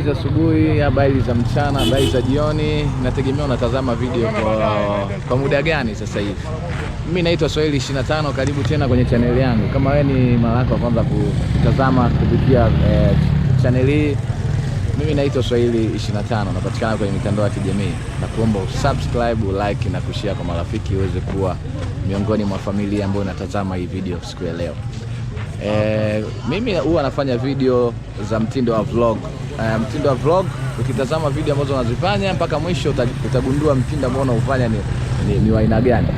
habari za asubuhi, habari za mchana, habari za jioni, nategemea unatazama video kwa, kwa muda gani sasa hivi. Mimi naitwa Swahili 25, karibu tena kwenye channel yangu. Kama wewe ni mara yako ya kwanza kutazama kupitia eh, channel hii, mimi naitwa Swahili 25, napatikana kwenye mitandao ya kijamii na kuomba usubscribe, like na kushare kwa marafiki, uweze kuwa miongoni mwa familia ambayo inatazama hii video siku ya leo. E, mimi huwa nafanya video za mtindo wa vlog. E, mtindo wa vlog ukitazama video ambazo unazifanya mpaka mwisho utagundua mtindo ambao unaufanya ni, ni, ni wa aina gani.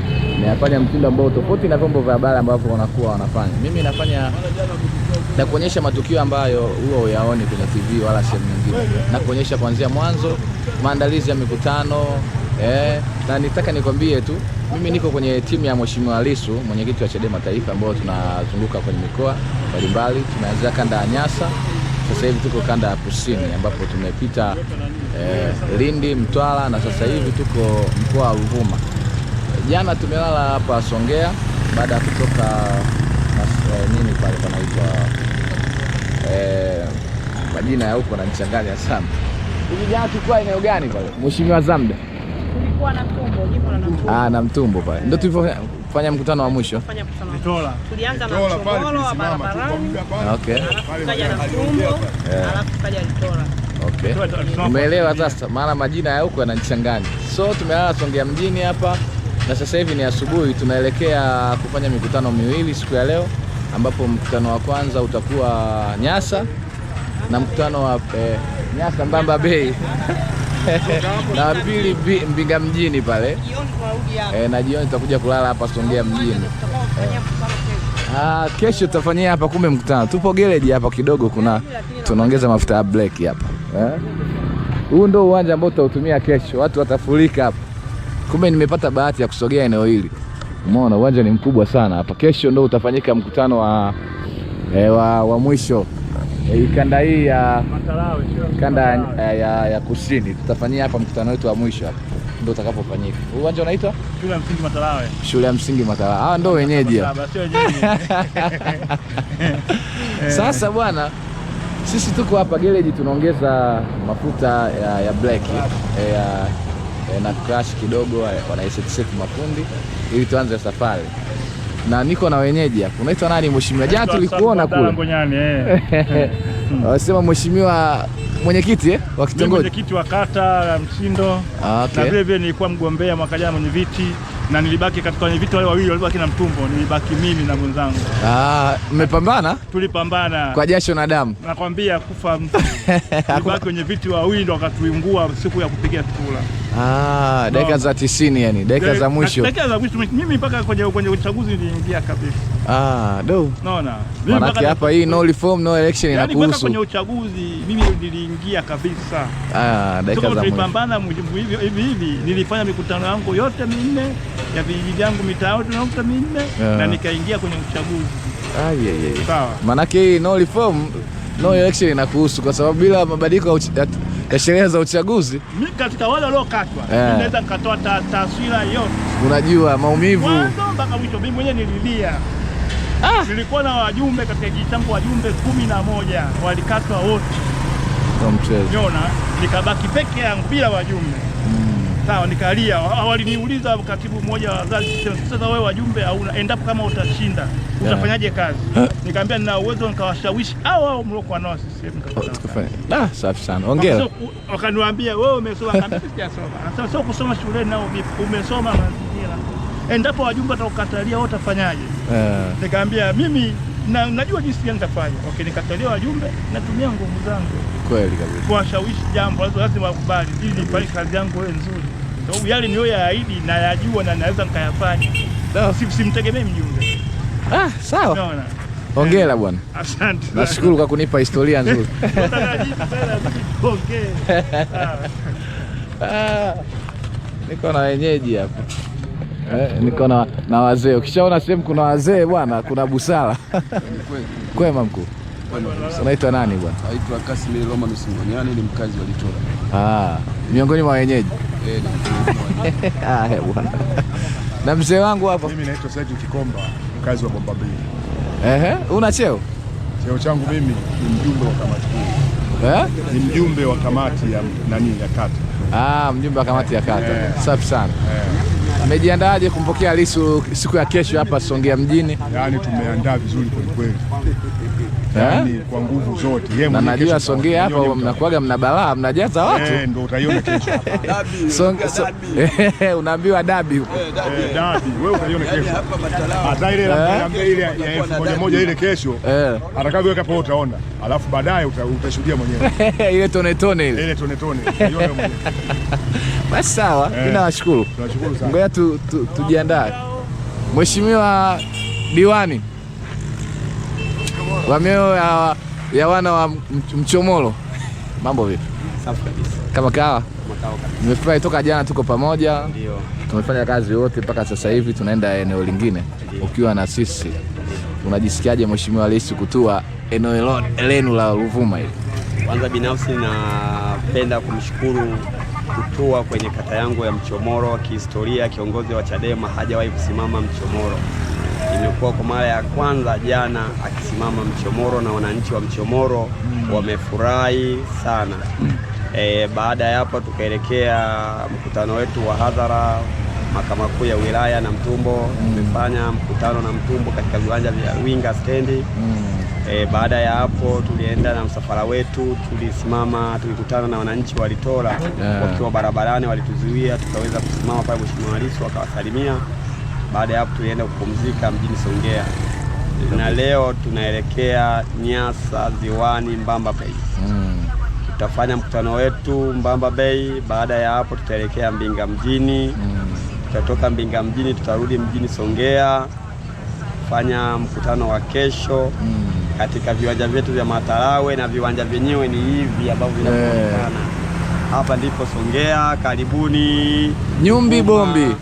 Nafanya mtindo ambao tofauti na vyombo vya habari ambavyo wanakuwa wanafanya. Mimi nafanya na kuonyesha matukio ambayo huwa uyaoni kwenye TV wala sehemu nyingine, na kuonyesha kuanzia mwanzo, maandalizi ya mikutano eh, na nitaka nikwambie tu mimi niko kwenye timu ya Mheshimiwa Lissu, mwenyekiti wa Chadema Taifa, ambao tunazunguka kwenye mikoa mbalimbali. tunaanzia kanda ya Nyasa, sasa hivi tuko kanda ya Kusini ambapo tumepita eh, Lindi, Mtwara na sasa hivi tuko mkoa wa Ruvuma. Jana tumelala hapa Songea baada ya kutoka eh, nini pale panaitwa eh, majina ya huko ananichanganya sana. Hivi jana tulikuwa eneo gani pale, Mheshimiwa Zamda? Ah, na mtumbo ah, pale ndio tulivyofanya mkutano wa mwisho. Tulianza na barabarani. Ah, okay. alafu Okay. Umeelewa sasa, maana majina ya huko yananichanganya. So tumelala Songea mjini hapa na sasa hivi ni asubuhi, tunaelekea kufanya mikutano miwili siku ya leo, ambapo mkutano wa kwanza utakuwa Nyasa na mkutano wa eh, Nyasa Mbamba Bay na pili Mbinga mjini pale e, na jioni tutakuja kulala hapa Songea mjini e. Ah, kesho tutafanyia hapa kumbe mkutano. Tupo gereji hapa kidogo, kuna tunaongeza mafuta ya black hapa eh? Huu ndio uwanja ambao tutautumia kesho, watu watafurika hapa. Kumbe nimepata bahati ya kusogea eneo hili, umeona uwanja ni mkubwa sana hapa. Kesho ndio utafanyika mkutano wa, eh, wa, wa mwisho kanda hii ya kanda ya, ya, ya kusini tutafanyia hapa mkutano wetu wa mwisho hapa ndio utakapofanyika. Uwanja unaitwa shule ya msingi Matarawe. Shule ya msingi Matarawe. hawa ndio wenyeji. Sasa bwana, sisi tuko hapa gereji, tunaongeza mafuta ya, ya black ya, ya, na crash kidogo, wanaiseti mafundi ili tuanze safari na niko na wenyeji hapo. Unaitwa nani mheshimiwa? Jana tulikuona kule eh. wasema mheshimiwa mwenyekiti eh, wa kitongoji, mwenyekiti wa kata ya Msindo. Ah, okay. Na vile vile nilikuwa mgombea mwaka jana mwenye viti na nilibaki katika wenye viti wale wawili walibaki na mtumbo, nilibaki mimi na mwenzangu. Ah, mmepambana? Tulipambana kwa jasho na damu, nakwambia kufa mtu. Nilibaki wenye viti wawili ndo wakatuingua siku ya kupiga kura. Ah, dakika za tisini yani, dakika eh, za mwisho. Dakika za mwisho mimi mpaka kwenye kwenye uchaguzi niliingia kabisa. Ah, do. no. Mimi mpaka hapa hii no reform no election inakuhusu. Yaani mpaka kwenye uchaguzi mimi niliingia kabisa. Ah, dakika za mwisho. Tulipambana hivi hivi hivi, nilifanya mikutano yangu yote minne ya vijiji vyangu mitaa yote minne na ah. nikaingia kwenye uchaguzi. Ah, yeah, yeah. Sawa. Manake hii no reform no election inakuhusu kwa sababu bila mabadiliko ya sheria za uchaguzi mimi katika wale waliokatwa eh. naweza nikatoa taswira yote. Unajua maumivu mpaka mwisho. Mimi mwenyewe nililia. Ah. Nilikuwa na wajumbe katika kijiji changu wajumbe kumi na moja walikatwa wote. Mchezo. Niona nikabaki peke yangu bila wajumbe sawa, nikalia. Waliniuliza katibu mmoja wa wazazi, sasa wewe wajumbe hauna, endapo kama utashinda utafanyaje kazi? Nikaambia nina uwezo, nikawashawishi hao hao mliokuwa nao CCM. Ah, safi sana, hongera. Wakaniambia wewe umesoma, sasa sio kusoma shuleni, nao umesoma mazingira, endapo wajumbe watakukatalia wewe utafanyaje? Nikaambia mimi na najua jinsi gani nitafanya. Okay, nikatalia wajumbe, natumia nguvu zangu kweli kabisa kuwashawishi jambo, lazima wakubali ili nifanye kazi yangu iwe nzuri sababu yale niliyoyaahidi nayajua na naweza nikayafanya. Sasa simtegemee mjumbe. Ah, sawa. Unaona? Hongera bwana. Asante. Nashukuru kwa kunipa historia nzuri. Ah, niko na wenyeji hapa eh, niko na, na wazee. Ukishaona sehemu kuna wazee bwana, kuna busara kwema. Mkuu, unaitwa nani bwana? Naitwa Kasimir Roma Ngonyani, ni mkazi wa Litora. Ah, miongoni mwa wenyeji Haya ah, eh, bwana, na mzee wangu hapo. Mimi naitwa Saidi Kikomba, mkazi wa Bomba Mbili. Ehe, una cheo? Cheo changu mimi ni mjumbe wa kamati kuu. Eh? Ni mjumbe wa kamati ya nani ya kata. Ah, mjumbe wa kamati ya kata. Eh. Safi sana. Yeah. Mmejiandaaje kumpokea Lissu siku ya kesho hapa Songea mjini? Yaani tumeandaa vizuri kwa kweli yani eh? kwa nguvu zote. Na najua Songea hapa mnakuaga mna balaa, mnajaza eh, watu eh, ndio utaiona kesho hapa eh, unaambiwa dabi huko eh, dabi wewe utaiona yaani kesho hata ile ile ya yaani elfu moja moja ile kesho eh, atakavyoweka hapo utaona, alafu baadaye utashuhudia mwenyewe ile tone tone ile ile tone tone utaiona mwenyewe. Basi sawa, mimi nawashukuru, tunashukuru sana, ngoja tujiandae. Mheshimiwa Diwani Wameo ya, ya wana wa Mchomoro, mambo vipi? Safi kabisa. Kama kawa? Nimefurahi toka jana tuko pamoja. Ndio. Tumefanya kazi yote mpaka sasa hivi tunaenda eneo lingine. Ukiwa na sisi, unajisikiaje Mheshimiwa Rais kutua eneo lenu la Ruvuma hili? Kwanza binafsi napenda kumshukuru kutua kwenye kata yangu ya Mchomoro. Kihistoria, kiongozi wa Chadema hajawahi kusimama Mchomoro Imekuwa kwa mara ya kwanza jana akisimama Mchomoro na wananchi wa Mchomoro mm. wamefurahi sana mm. E, baada ya hapo tukaelekea mkutano wetu wa hadhara Mahakama Kuu ya Wilaya Namtumbo. Tumefanya mm. mkutano Namtumbo katika viwanja vya Winga stendi mm. E, baada ya hapo tulienda na msafara wetu, tulisimama tulikutana na wananchi walitola yeah. wakiwa barabarani walituzuia, tukaweza kusimama pale, Mheshimiwa Rais akawasalimia baada ya hapo tulienda kupumzika mjini Songea na leo tunaelekea Nyasa ziwani Mbamba Bay. Mm. Tutafanya mkutano wetu Mbamba Bay. Baada ya hapo tutaelekea Mbinga mjini. Mm. Tutatoka Mbinga mjini tutarudi mjini Songea fanya mkutano wa kesho. Mm. Katika viwanja vyetu vya matarawe na viwanja vyenyewe ni hivi ambavyo vinaonekana. Yeah. Hapa ndipo Songea, karibuni. Nyumbi Bombi.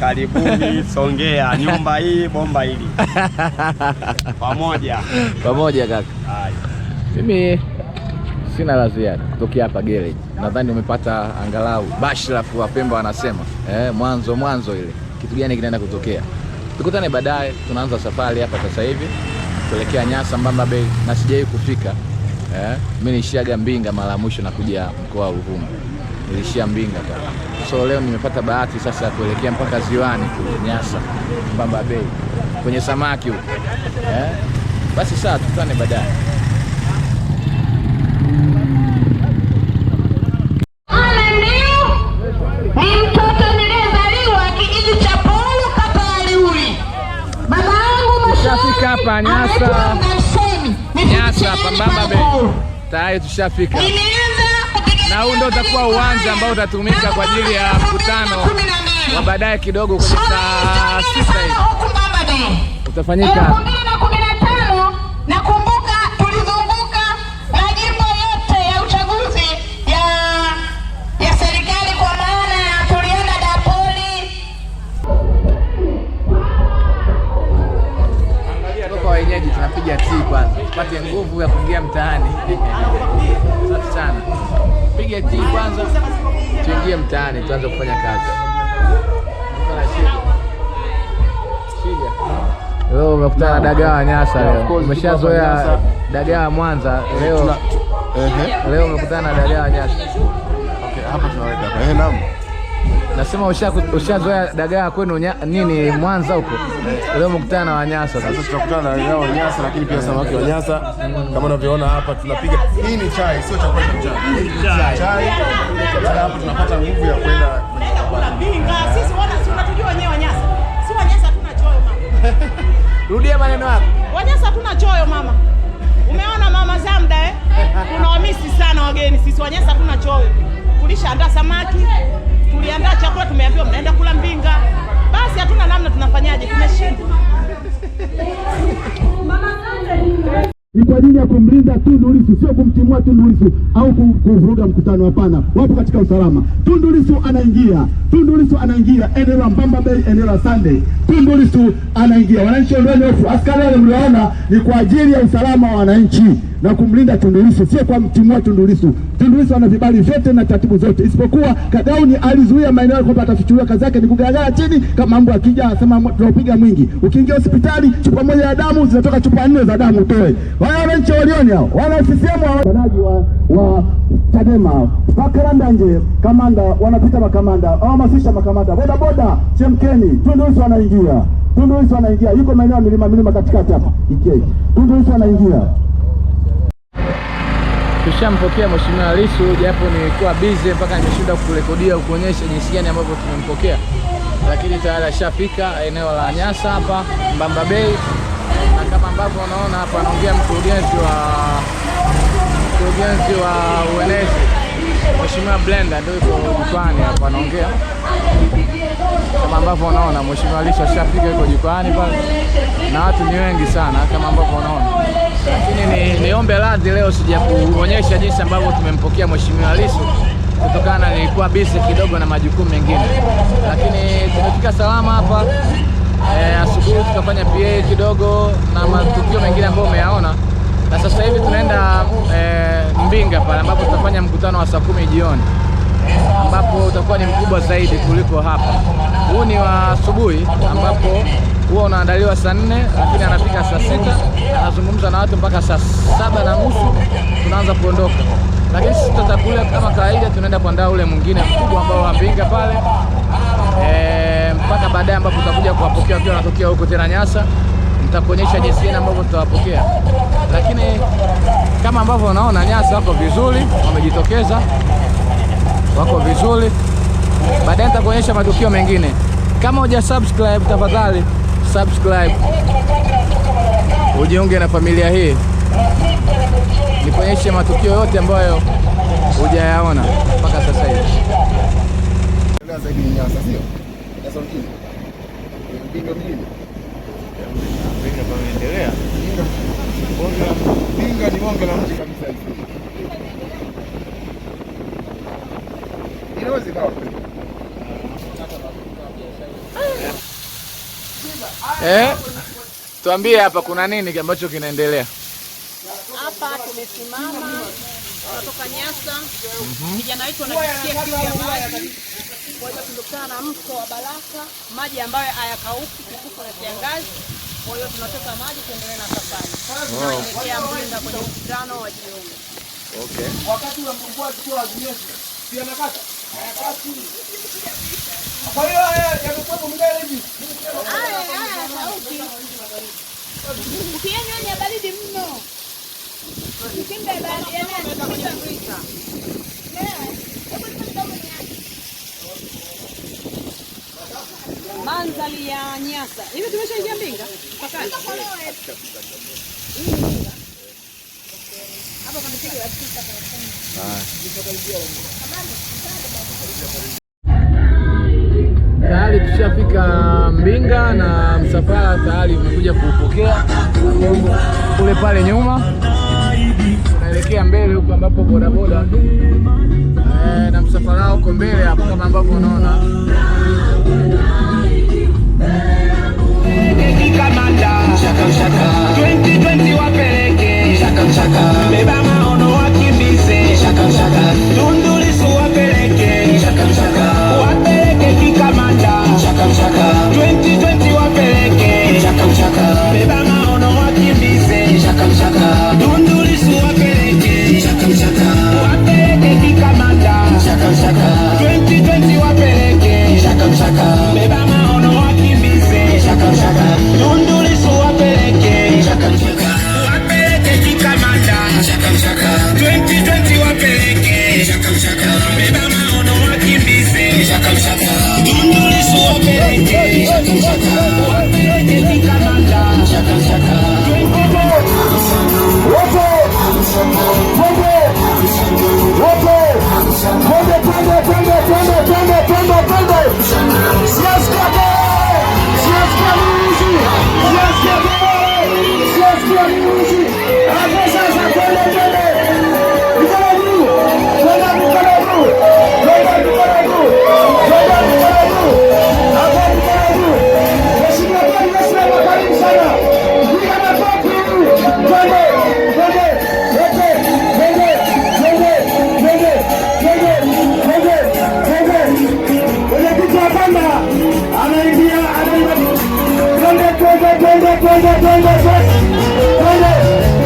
Karibuni Songea, nyumba hii bomba hili pamoja pamoja. Kaka mimi sina la ziada kutokea hapa garage. Nadhani umepata angalau bashlafu wa Pemba wanasema eh, mwanzo mwanzo ile kitu gani kinaenda kutokea. Tukutane baadaye, tunaanza safari hapa sasa hivi kuelekea Nyasa Mbamba Bay na sijawahi kufika eh. Mimi nilishiaga Mbinga mara ya mwisho nakuja mkoa wa Ruvuma, nilishia Mbinga kaka. So leo nimepata bahati sasa ya kuelekea mpaka ziwani kule Nyasa Mbamba Bay kwenye samaki huko eh? Basi saa tukutane baadaye. Nyasa, Nyasa, Nyasa Mbamba Bay tayari, tushafika na huu ndio utakuwa uwanja ambao utatumika kwa ajili ya mkutano wa baadaye kidogo kwenye saa sita utafanyika ya tunapiga kwanza tupate nguvu ya tupige ti kwanza, tuingie mtaani, tuanze kufanya kazi. Leo umekutana na dagaa wa Nyasa leo, umeshazoea dagaa wa Mwanza, leo umekutana na dagaa wa Nyasa. Okay, hapa tunaweka. Eh, naam. Nasema ushazoea dagaa kwenu nini Mwanza huko, leo mkutana na Wanyasa. Sasa tutakutana na wao Wanyasa, lakini pia samaki wa Nyasa kama unavyoona hapa tunapiga. Hii ni chai, sio chakula cha mchana. Chai hapa tunapata nguvu ya kwenda binga Sisi wana tunajua wenyewe si tuna choyo mama. Rudia maneno yako. Wanyasa tuna choyo mama. Umeona mama Zamda eh? Tunawamisi sana wageni sisi Wanyasa tuna choyo. Kulisha anda samaki tukiandaa chakula tumeambiwa mnaenda kula Mbinga, basi hatuna namna, tunafanyaje? Tumeshindwa ni kwa ajili ya kumlinda Tundu Lissu, sio kumtimua Tundu Lissu au kuvuruga mkutano. Hapana, wapo katika usalama. Tundu Lissu anaingia, Tundu Lissu anaingia eneo la Mbamba Bay, eneo la Sunday. Tundu Lissu anaingia. Wananchi ondoeni hofu, askari wale mliona ni kwa ajili ya usalama wa wananchi na kumlinda Tundu Lissu, sio kwa mtimua Tundu Lissu. Tundu Lissu ana vibali vyote na taratibu zote, isipokuwa Kagauni alizuia maeneo kwamba atafichuliwa. Kazi yake ni kugalagala chini, kama mambo akija asema tunaupiga mwingi. Ukiingia hospitali, chupa moja ya damu zinatoka chupa nne za damu, toe wananchi walioni hao, wana CCM wanaji wa wa Chadema pakaranda nje, kamanda wanapita, makamanda hawahamasisha, makamanda boda boda, chemkeni, Tundu Lissu wanaingia, Tundu Lissu wanaingia, yuko maeneo ya milima milima katikati hapa Ikei, Tundu Lissu wanaingia. Tushampokea Mheshimiwa Lissu, japo nilikuwa busy mpaka nimeshinda kurekodia kuonyesha jinsi gani ambavyo tumempokea, lakini tayari ashafika eneo la Nyasa hapa Mbamba Bay na kama ambavyo unaona hapa anaongea mkurugenzi wa mkurugenzi wa uenezi Mheshimiwa Blenda ndio yuko jukwani hapa anaongea, kama ambavyo unaona Mheshimiwa Lisha ashafika yuko jukwani pale na watu ni wengi sana kama ambavyo unaona, lakini niombe radhi leo sijakuonyesha jinsi ambavyo tumempokea Mheshimiwa Lissu kutokana nilikuwa busy kidogo na majukumu mengine, lakini tumefika salama hapa eh, asubuhi tutafanya PA kidogo na matukio mengine ambayo umeyaona, na sasa hivi tunaenda eh, Mbinga pale ambapo tutafanya mkutano wa saa kumi jioni ambapo utakuwa ni mkubwa zaidi kuliko hapa. Huu ni wa asubuhi ambapo huwa unaandaliwa saa nne lakini anafika saa sita anazungumza na watu mpaka saa saba na nusu tunaanza kuondoka, lakini sisi tutakula kama kawaida, tunaenda kuandaa ule mwingine mkubwa ambao wa Mbinga pale eh, mpaka baadaye ambapo tutakuja kuwapokea wakiwa wanatokea huko tena Nyasa, nitakuonyesha jinsi gani ambavyo tutawapokea. Lakini kama ambavyo unaona Nyasa wako vizuri, wamejitokeza wako vizuri. Baadaye nitakuonyesha matukio mengine. Kama uja subscribe, tafadhali subscribe, ujiunge na familia hii, nikuonyeshe matukio yote ambayo hujayaona mpaka sasa hivi sasa Mbinga Mbinga ni bonge la mji kabisa, inaweza ikawa Eh, tuambie hapa kuna nini ambacho kinaendelea hapa? Tumesimama kutoka Nyasa, vijana mhm. wetu wanajisikia kiu ya maji kwa hiyo tumekutana na mto wa Baraka, maji ambayo hayakauki kikuko na kiangazi. Kwa hiyo tunateka maji tuendelee na safari. Tunaelekea Mbinga kwenye mkutano wa jioni. Okay. Wakati wa mvua tukiwa wazinyesi. Pia nakata. Hayakati. Kwa hiyo haya eh, yamekuwa mgeni hivi. Haya haya sauti. Ukienda ni baridi mno. Ukimbe baridi yana. mandhari ya Nyasa. Hivi tumeshaingia Mbinga? Tayari tushafika Mbinga na msafara tayari umekuja kuupokea kule pale nyuma, unaelekea mbele huko ambapo bodaboda eh, na msafara uko mbele hapo kama ambavyo unaona. I'm Shaka Shaka shaka. Drink it up. What's up? Gel gel gel gel gel gel gel koyda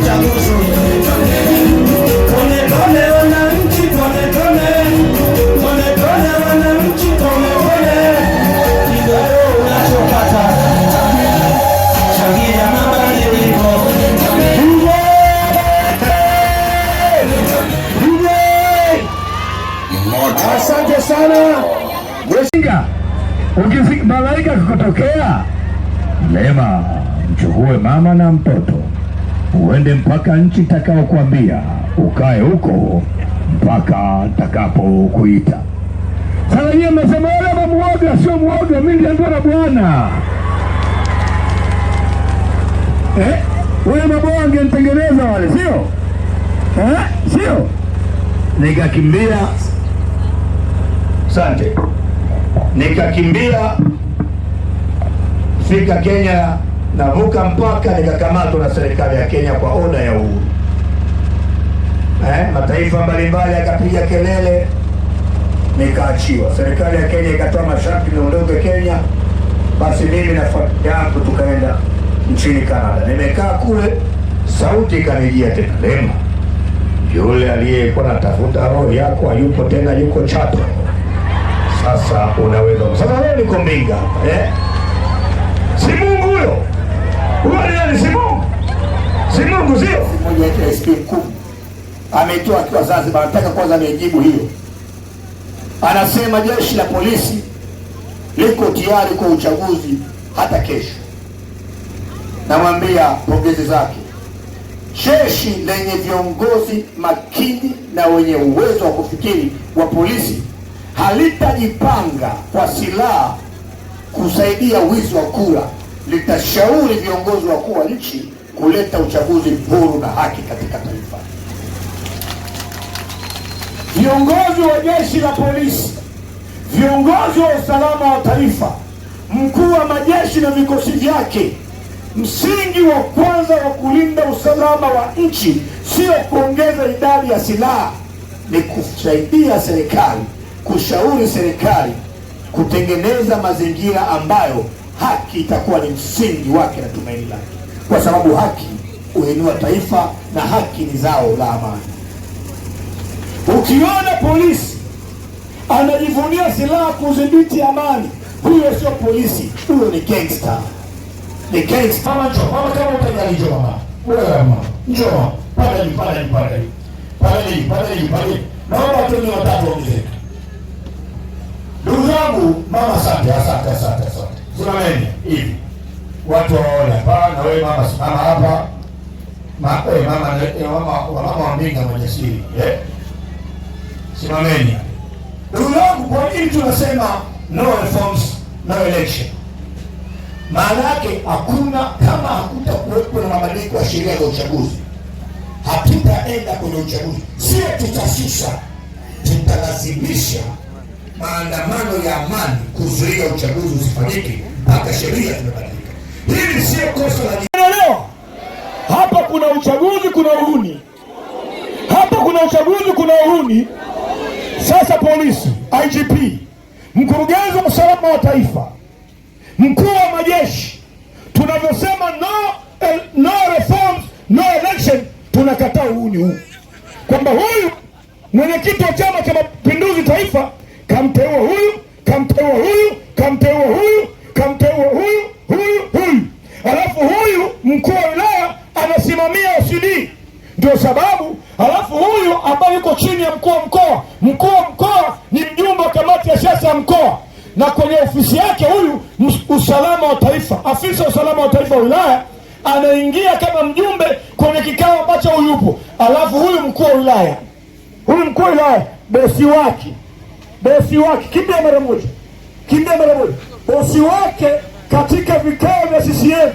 Santiago uende mpaka nchi takayokuambia ukae huko mpaka takapokuita. Sasa yeye amesema yule muoga sio muoga, mimi niliambiwa na Bwana eh, wale mabao angenitengeneza wale, sio eh, sio nikakimbia. sante nikakimbia fika Kenya navuka mpaka nikakamatwa na serikali ya Kenya kwa oda ya uhuru. Eh, mataifa mbalimbali yakapiga kelele, nikaachiwa. Serikali ya Kenya ikatoa masharti niondoke Kenya, basi mimi na familia yangu tukaenda nchini Canada. Nimekaa kule, sauti ikanijia tena, Lema, yule aliyekuwa natafuta roho yako hayupo tena, yuko Chato. Sasa unaweza sasa, leo niko Mbinga eh? Huyo si Mungu, si Mungu sio mmoja wetu SP kumi akiwa Zanzibar. Anataka kwanza mejibu hiyo, anasema jeshi la polisi liko tayari kwa uchaguzi hata kesho. Namwambia pongezi zake jeshi lenye viongozi makini na wenye uwezo wa kufikiri wa polisi halitajipanga kwa silaha kusaidia wizi wa kura litashauri viongozi wakuu wa nchi kuleta uchaguzi huru na haki katika taifa. Viongozi wa jeshi la polisi, viongozi wa usalama wa taifa, mkuu wa majeshi na vikosi vyake, msingi wa kwanza wa kulinda usalama wa nchi sio kuongeza idadi ya silaha, ni kusaidia serikali, kushauri serikali kutengeneza mazingira ambayo haki itakuwa ni msingi wake na tumaini lake, kwa sababu haki huinua taifa na haki ni zao la amani. Ukiona polisi anajivunia silaha kudhibiti amani, huyo sio polisi, huyo ni gangster, ni gangster. Mama njoo, mama kama utajali njoo, mama wewe, mama njoo, pale ni pale ni pale pale ni pale ni pale, naomba tu ni watatu ongezeka. Ndugu yangu mama, asante asante asante asante simameni hivi watu waone hapa, na wewe mama simama hapa Ma, eh, mama eh, eh mama wa mama wa Mbinga mwenye siri eh, simameni ndugu yangu. Kwa nini tunasema no reforms no election? Maana yake hakuna kama hakutakuwepo na mabadiliko ya sheria za uchaguzi, hatutaenda kwenye uchaguzi. Sio tutashusha, tutalazimisha maandamano ya amani kuzuia uchaguzi usifanyike mpaka sheria imebadilika. Hili sio kosa la leo. Hapa kuna uchaguzi, kuna uhuni. Hapa kuna uchaguzi, kuna uhuni. Sasa polisi, IGP, mkurugenzi wa usalama wa taifa, mkuu wa majeshi, tunavyosema no, eh, no reforms no election, tunakataa uhuni huu, kwamba huyu mwenyekiti wa Chama cha Mapinduzi taifa kamteua huyu, kamteua huyu, kamteua huyu kamteua huyu huyu huyu, alafu huyu mkuu wa wilaya anasimamia OCD ndio sababu. Alafu huyu ambaye yuko chini ya mkuu wa mkoa, mkuu wa mkoa ni mjumbe wa kamati ya siasa ya mkoa, na kwenye ofisi yake huyu usalama wa taifa, afisa wa usalama wa taifa wa wilaya anaingia kama mjumbe kwenye kikao ambacho huyupo. Alafu huyu mkuu wa wilaya, huyu mkuu wa wilaya bosi wake, bosi wake kimbia mara moja, kimbia mara moja bosi wake katika vikao vya CCM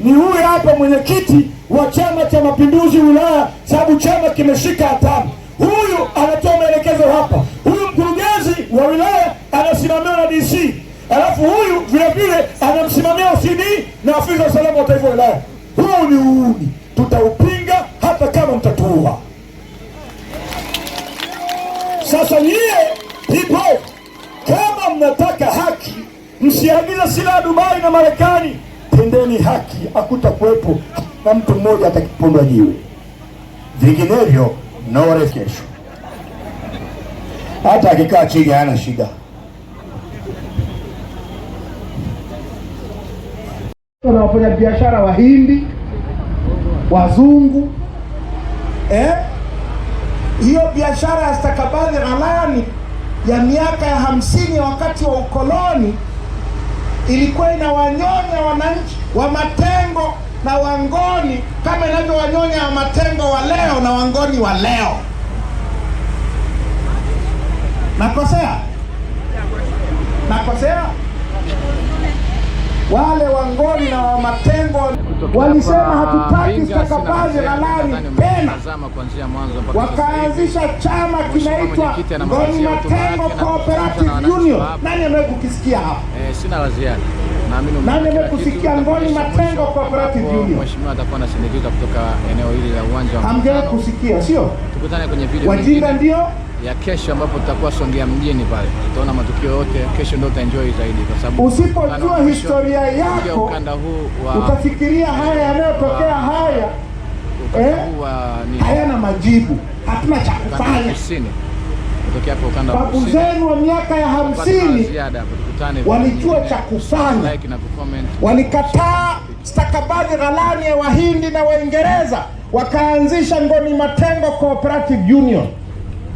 ni huyu hapa mwenyekiti wa Chama cha Mapinduzi wilaya, sababu chama kimeshika hatamu. Huyu anatoa maelekezo hapa, huyu mkurugenzi wa wilaya anasimamiwa na DC, alafu huyu vile vile anamsimamia OCD na afisa wa usalama wa taifa wa wilaya. Huu ni uuni, tutaupinga hata kama mtatuua. Sasa nyie people, kama mnataka haki msiagize silaha Dubai na Marekani, tendeni haki, hakutakuwepo na mtu mmoja atakipondwa jiwe, vinginevyo no kesho. Hata akikaa chini hana shida. Kuna biashara Wahindi, wazungu eh? Hiyo biashara ya stakabadhi ghalani ya miaka ya hamsini wakati wa ukoloni ilikuwa inawanyonya wananchi wa Matengo na Wangoni kama inavyowanyonya wa Matengo wa leo na Wangoni wa leo. Nakosea? Nakosea? wale wangoni na wamatengo walisema hatutaki stakabazi halali tena, wakaanzisha chama kinaitwa Ngoni Matengo Cooperative Union. Nani amewahi kukisikia hapa? Eh, sina la ziada. Nani amekusikia Ngoni Matengo Cooperative Union? Mheshimiwa atakuwa anasindikizwa kutoka eneo hili la uwanja wa. Hamjawahi kusikia, sio? Tukutane kwenye video. Wajinga ndio ya kesho ambapo tutakuwa Songea mjini pale, utaona matukio yote kesho, ndio utaenjoy zaidi, kwa sababu usipojua historia yako ukanda huu wa utafikiria haya yanayotokea haya eh, hayana majibu, hatuna cha kufanya. Babu zenu wa miaka ya hamsini walijua cha kufanya, walikataa stakabadhi ghalani ya Wahindi na Waingereza, wakaanzisha Ngoni Matengo Cooperative Union.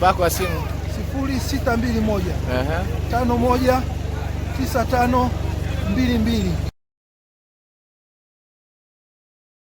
namba yako ya simu? 0621 519522.